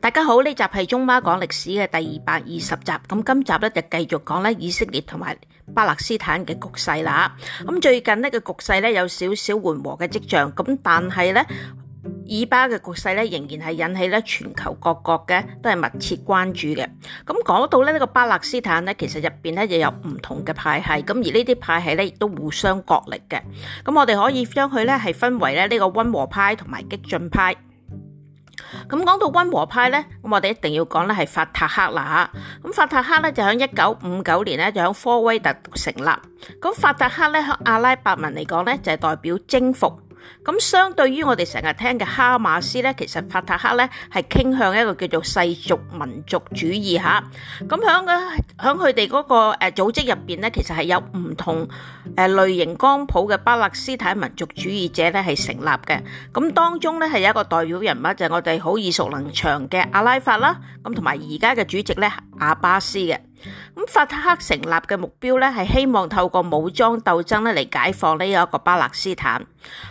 大家好，呢集係鍾媽講歷史嘅第二百二十集，咁今集呢就繼續講呢以色列同埋巴勒斯坦嘅局勢啦。咁最近呢個局勢呢有少少緩和嘅跡象，咁但係呢，以巴嘅局勢呢仍然係引起呢全球各國嘅都係密切關注嘅。咁講到呢呢個巴勒斯坦呢，其實入面呢又有唔同嘅派系，咁而呢啲派系呢亦都互相角力嘅。咁我哋可以將佢呢係分為呢個溫和派同埋激進派。咁講到溫和派呢，我哋一定要講呢係法塔赫啦。咁法塔赫呢就喺一九五九年呢就喺科威特成立。咁法塔赫呢，喺阿拉伯文嚟講呢，就係代表征服。咁相對於我哋成日聽嘅哈馬斯呢，其實法塔赫呢係傾向一個叫做世俗民族主義下咁響個響佢哋嗰個組織入面呢，其實係有唔同誒類型光譜嘅巴勒斯坦民族主義者呢係成立嘅。咁當中呢係有一個代表人物就係、是、我哋好耳熟能詳嘅阿拉法啦，咁同埋而家嘅主席呢，阿巴斯嘅。咁法塔赫成立嘅目標咧，係希望透過武裝鬥爭咧嚟解放呢一個巴勒斯坦。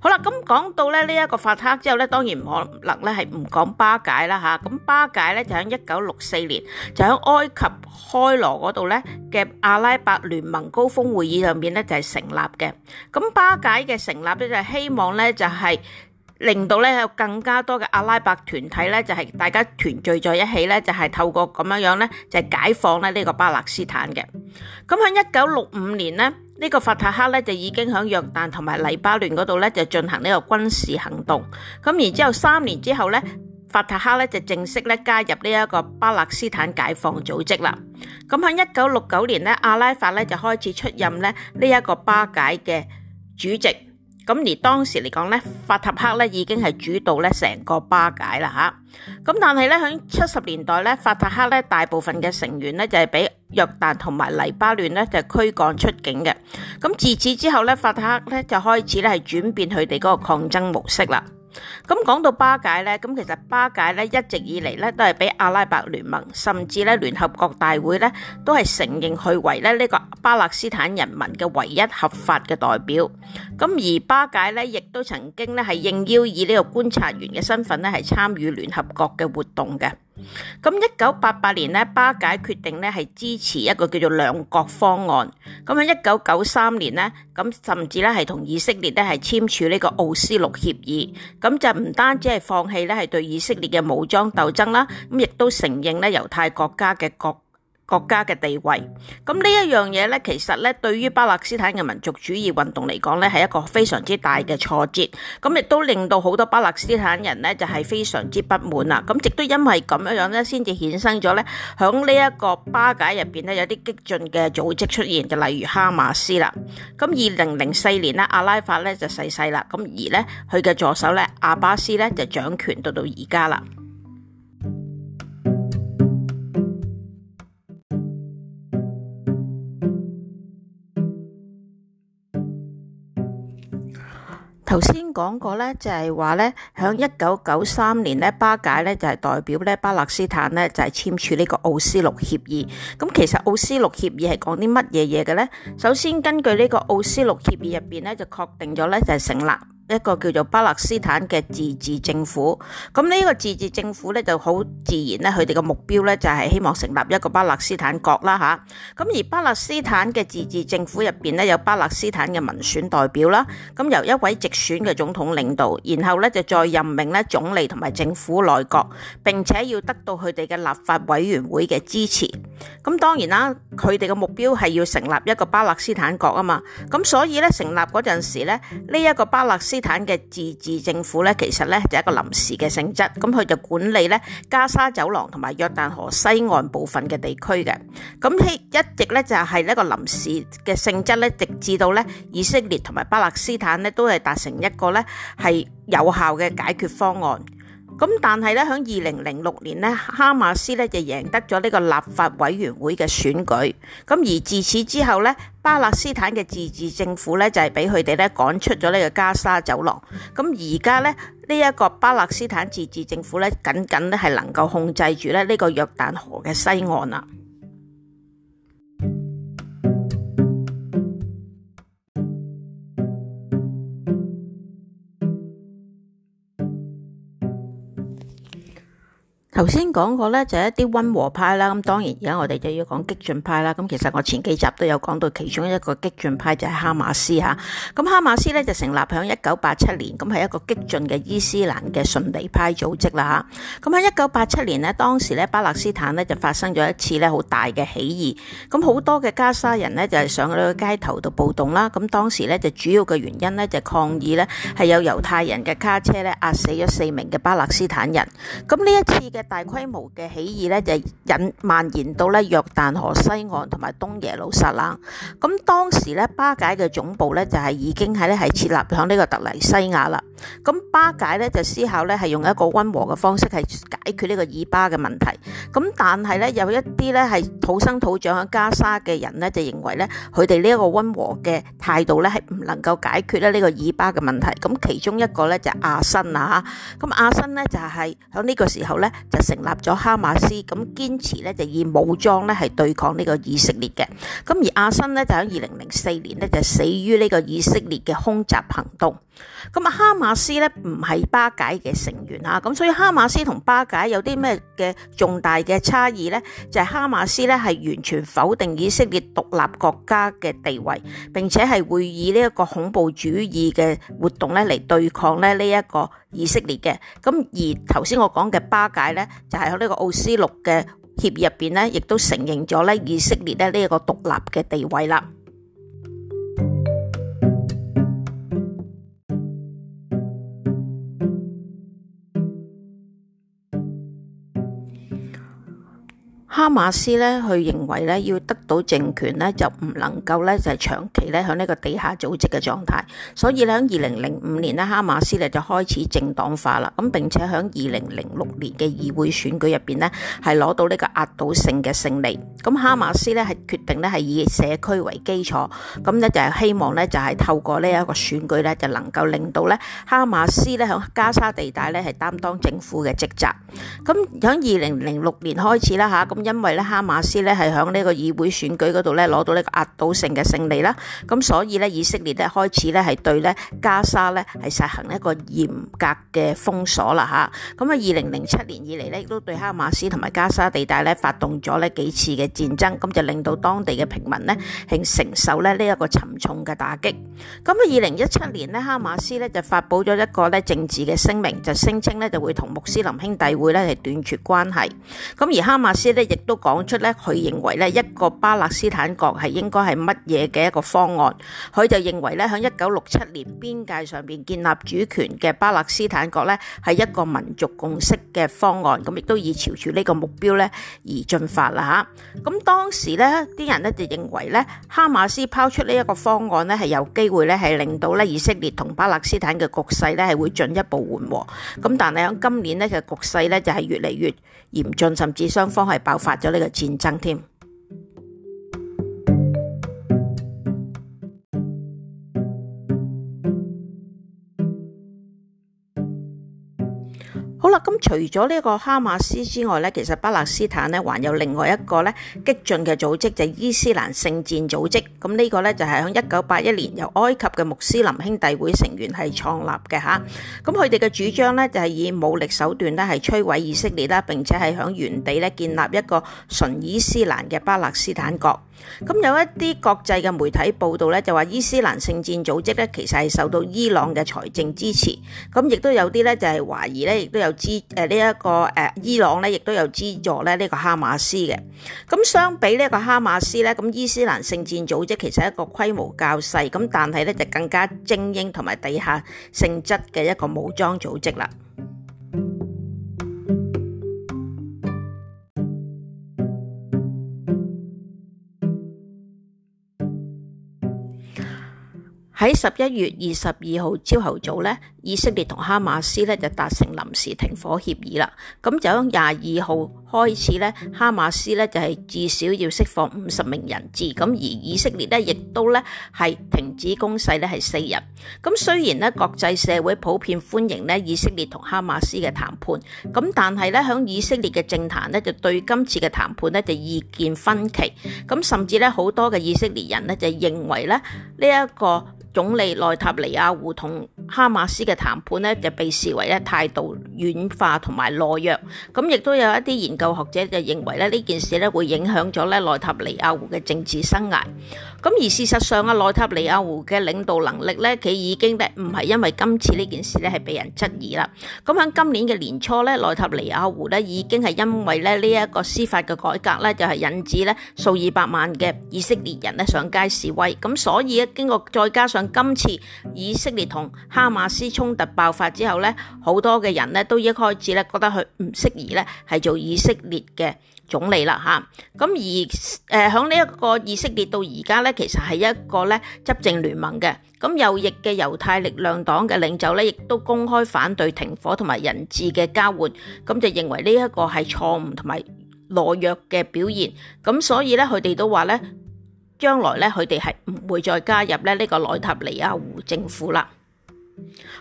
好啦，咁講到咧呢一個法塔赫之後咧，當然唔可能咧係唔講巴解啦吓。咁巴解咧就喺一九六四年就喺埃及開羅嗰度咧嘅阿拉伯聯盟高峰會議上面咧就係成立嘅。咁巴解嘅成立咧就係希望咧就係。令到咧有更加多嘅阿拉伯團體咧，就係大家團聚在一起咧，就係透過咁樣樣咧，就解放咧呢個巴勒斯坦嘅。咁喺一九六五年咧，呢個法塔赫咧就已經喺約旦同埋黎巴嫩嗰度咧就進行呢個軍事行動。咁然之後三年之後咧，法塔赫咧就正式咧加入呢一個巴勒斯坦解放組織啦。咁喺一九六九年咧，阿拉法咧就開始出任咧呢一個巴解嘅主席。咁而當時嚟講呢，法塔克已經係主導成個巴解啦。咁但係咧喺七十年代咧，法塔克咧大部分嘅成員咧就係俾約旦同埋黎巴嫩咧就驅趕出境嘅。咁自此之後咧，法塔克咧就開始咧係轉變佢哋嗰個抗爭模式啦。咁講到巴解咧，咁其實巴解咧一直以嚟，咧都係俾阿拉伯聯盟，甚至咧聯合國大會咧都係承認佢為咧呢個巴勒斯坦人民嘅唯一合法嘅代表。咁而巴解咧亦都曾經咧係應邀以呢個觀察員嘅身份咧係參與聯合國嘅活動嘅。咁一九八八年呢巴解決定呢係支持一個叫做兩國方案。咁喺一九九三年呢，咁甚至咧係同以色列咧係簽署呢個奧斯陸協議。咁就唔單止係放棄咧係對以色列嘅武裝鬥爭啦，咁亦都承認咧猶太國家嘅國國家嘅地位，咁呢一樣嘢咧，其實咧對於巴勒斯坦嘅民族主義運動嚟講咧，係一個非常之大嘅挫折，咁亦都令到好多巴勒斯坦人咧就係非常之不滿啦。咁亦都因為咁樣樣咧，先至衍生咗咧響呢一個巴解入邊咧有啲激進嘅組織出現，就例如哈馬斯啦。咁二零零四年呢，阿拉法咧就逝世啦，咁而咧佢嘅助手咧阿巴斯咧就掌權到到而家啦。頭先講過咧，就係話咧，響一九九三年咧，巴解咧就係代表咧巴勒斯坦咧，就係簽署呢個奧斯陸協議。咁其實奧斯陸協議係講啲乜嘢嘢嘅咧？首先，根據呢個奧斯陸協議入邊咧，就確定咗咧就係成立。一個叫做巴勒斯坦嘅自治政府，咁呢個自治政府咧就好自然咧，佢哋嘅目標咧就係希望成立一個巴勒斯坦國啦吓。咁而巴勒斯坦嘅自治政府入邊咧有巴勒斯坦嘅民選代表啦，咁由一位直選嘅總統領導，然後咧就再任命咧總理同埋政府內閣，並且要得到佢哋嘅立法委員會嘅支持。咁當然啦，佢哋嘅目標係要成立一個巴勒斯坦國啊嘛。咁所以咧成立嗰陣時咧，呢一個巴勒斯坦斯坦嘅自治政府咧，其實咧就一個臨時嘅性質，咁佢就管理咧加沙走廊同埋約旦河西岸部分嘅地區嘅，咁喺一直咧就係一個臨時嘅性質咧，直至到咧以色列同埋巴勒斯坦咧都係達成一個咧係有效嘅解決方案。咁但係咧，喺二零零六年咧，哈馬斯咧就贏得咗呢個立法委員會嘅選舉。咁而自此之後咧，巴勒斯坦嘅自治政府咧就係俾佢哋咧趕出咗呢個加沙走廊。咁而家咧呢一個巴勒斯坦自治政府咧，僅僅咧係能夠控制住咧呢個約旦河嘅西岸啦。頭先講過咧，就係一啲溫和派啦。咁當然而家我哋就要講激進派啦。咁其實我前幾集都有講到其中一個激進派就係哈馬斯吓。咁哈馬斯咧就成立響一九八七年，咁係一個激進嘅伊斯蘭嘅遜尼派組織啦吓。咁喺一九八七年呢，當時咧巴勒斯坦呢就發生咗一次咧好大嘅起義。咁好多嘅加沙人呢，就係上咗個街頭度暴動啦。咁當時咧就主要嘅原因咧就係抗議呢，係有猶太人嘅卡車咧壓死咗四名嘅巴勒斯坦人。咁呢一次嘅大規模嘅起義咧就引蔓延到咧約旦河西岸同埋東耶路撒冷。咁當時咧巴解嘅總部咧就係、係、已經喺咧係設立喺呢個特尼西亞啦。咁巴解咧就思考咧係用一個温和嘅方式去解決呢個以巴嘅問題。咁但係咧有一啲咧係土生土長喺加沙嘅人咧就認為咧佢哋呢一個温和嘅態度咧係唔能夠解決咧呢個以巴嘅問題。咁其中一個咧就係亞新啦，咁亞新咧就係喺呢個時候咧。就成立咗哈馬斯，咁堅持咧就以武裝咧係對抗呢個以色列嘅。咁而阿新咧就喺二零零四年咧就死於呢個以色列嘅空襲行動。咁啊，哈馬斯咧唔係巴解嘅成員啊，咁所以哈馬斯同巴解有啲咩嘅重大嘅差異咧？就係、是、哈馬斯咧係完全否定以色列獨立國家嘅地位，並且係會以呢一個恐怖主義嘅活動咧嚟對抗咧呢一個以色列嘅。咁而頭先我講嘅巴解咧，就係喺呢個奧斯陸嘅協議入邊咧，亦都承認咗咧以色列咧呢一個獨立嘅地位啦。哈馬斯咧，佢認為咧要得到政權咧，就唔能夠咧就係長期咧喺呢個地下組織嘅狀態。所以咧喺二零零五年咧，哈馬斯咧就開始政黨化啦。咁並且喺二零零六年嘅議會選舉入邊咧，係攞到呢個壓倒性嘅勝利。咁哈馬斯咧係決定咧係以社區為基礎。咁咧就係希望咧就係透過呢一個選舉咧，就能夠令到咧哈馬斯咧喺加沙地帶咧係擔當政府嘅職責。咁喺二零零六年開始啦嚇。因為咧哈馬斯咧係喺呢個議會選舉嗰度咧攞到呢個壓倒性嘅勝利啦，咁所以咧以色列咧開始咧係對咧加沙咧係實行一個嚴格嘅封鎖啦嚇。咁啊，二零零七年以嚟咧亦都對哈馬斯同埋加沙地帶咧發動咗咧幾次嘅戰爭，咁就令到當地嘅平民咧係承受咧呢一個沉重嘅打擊。咁啊，二零一七年咧哈馬斯咧就發布咗一個咧政治嘅聲明，就聲稱咧就會同穆斯林兄弟會咧係斷絕關係。咁而哈馬斯咧。亦都講出咧，佢認為咧一個巴勒斯坦國係應該係乜嘢嘅一個方案，佢就認為咧喺一九六七年邊界上邊建立主權嘅巴勒斯坦國咧係一個民族共識嘅方案，咁亦都已朝住呢個目標咧而進發啦嚇。咁當時咧啲人咧就認為咧哈馬斯拋出呢一個方案咧係有機會咧係令到咧以色列同巴勒斯坦嘅局勢咧係會進一步緩和，咁但係喺今年咧嘅局勢咧就係越嚟越嚴峻，甚至雙方係爆發咗呢個戰爭添。好啦，咁除咗呢個哈馬斯之外咧，其實巴勒斯坦呢，還有另外一個咧激進嘅組織，就係、伊斯蘭聖戰組織。咁、這、呢個咧就係喺一九八一年由埃及嘅穆斯林兄弟會成員係創立嘅吓。咁佢哋嘅主張呢，就係以武力手段咧係摧毀以色列啦，並且係喺原地咧建立一個純伊斯蘭嘅巴勒斯坦國。咁有一啲國際嘅媒體報道呢，就話伊斯蘭聖戰組織呢，其實係受到伊朗嘅財政支持。咁亦都有啲呢，就係懷疑呢。亦都有資誒呢一個誒，伊朗咧亦都有資助咧呢個哈馬斯嘅。咁相比呢個哈馬斯咧，咁伊斯蘭聖戰組織其實係一個規模較細，咁但係咧就更加精英同埋地下性質嘅一個武裝組織啦。喺十一月二十二號朝頭早咧。以色列同哈馬斯咧就達成臨時停火協議啦，咁就喺廿二號開始咧，哈馬斯咧就係至少要釋放五十名人質，咁而以色列咧亦都咧係停止攻勢咧係四日。咁雖然咧國際社會普遍歡迎咧以色列同哈馬斯嘅談判，咁但係咧喺以色列嘅政壇咧就對今次嘅談判咧就意見分歧，咁甚至咧好多嘅以色列人咧就認為咧呢一個總理內塔尼亞胡同哈馬斯嘅談判咧就被視為咧態度軟化同埋懦弱，咁亦都有一啲研究學者就認為咧呢件事咧會影響咗咧內塔尼亞胡嘅政治生涯。咁而事實上啊，內塔尼亞胡嘅領導能力咧，佢已經咧唔係因為今次呢件事咧係俾人質疑啦。咁喺今年嘅年初咧，內塔尼亞胡咧已經係因為咧呢一個司法嘅改革咧，就係引致咧數以百萬嘅以色列人咧上街示威。咁所以咧，經過再加上今次以色列同哈馬斯衝突爆發之後咧，好多嘅人咧都一開始咧覺得佢唔適宜咧係做以色列嘅總理啦吓，咁而誒喺呢一個以色列到而家。其實係一個咧執政聯盟嘅，咁右翼嘅猶太力量黨嘅領袖咧，亦都公開反對停火同埋人質嘅交換，咁就認為呢一個係錯誤同埋懦弱嘅表現，咁所以咧佢哋都話咧，將來咧佢哋係唔會再加入咧呢個內塔尼亞胡政府啦。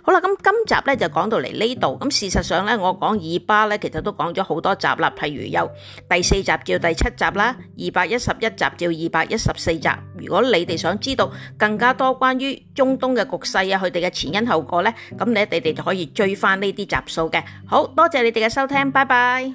好啦，咁今集咧就講到嚟呢度。咁事實上咧，我講以巴咧，其實都講咗好多集啦。譬如有第四集至第七集啦，二百一十一集至二百一十四集。如果你哋想知道更加多關於中東嘅局勢啊，佢哋嘅前因後果咧，咁你哋就可以追翻呢啲集數嘅。好，多謝你哋嘅收聽，拜拜。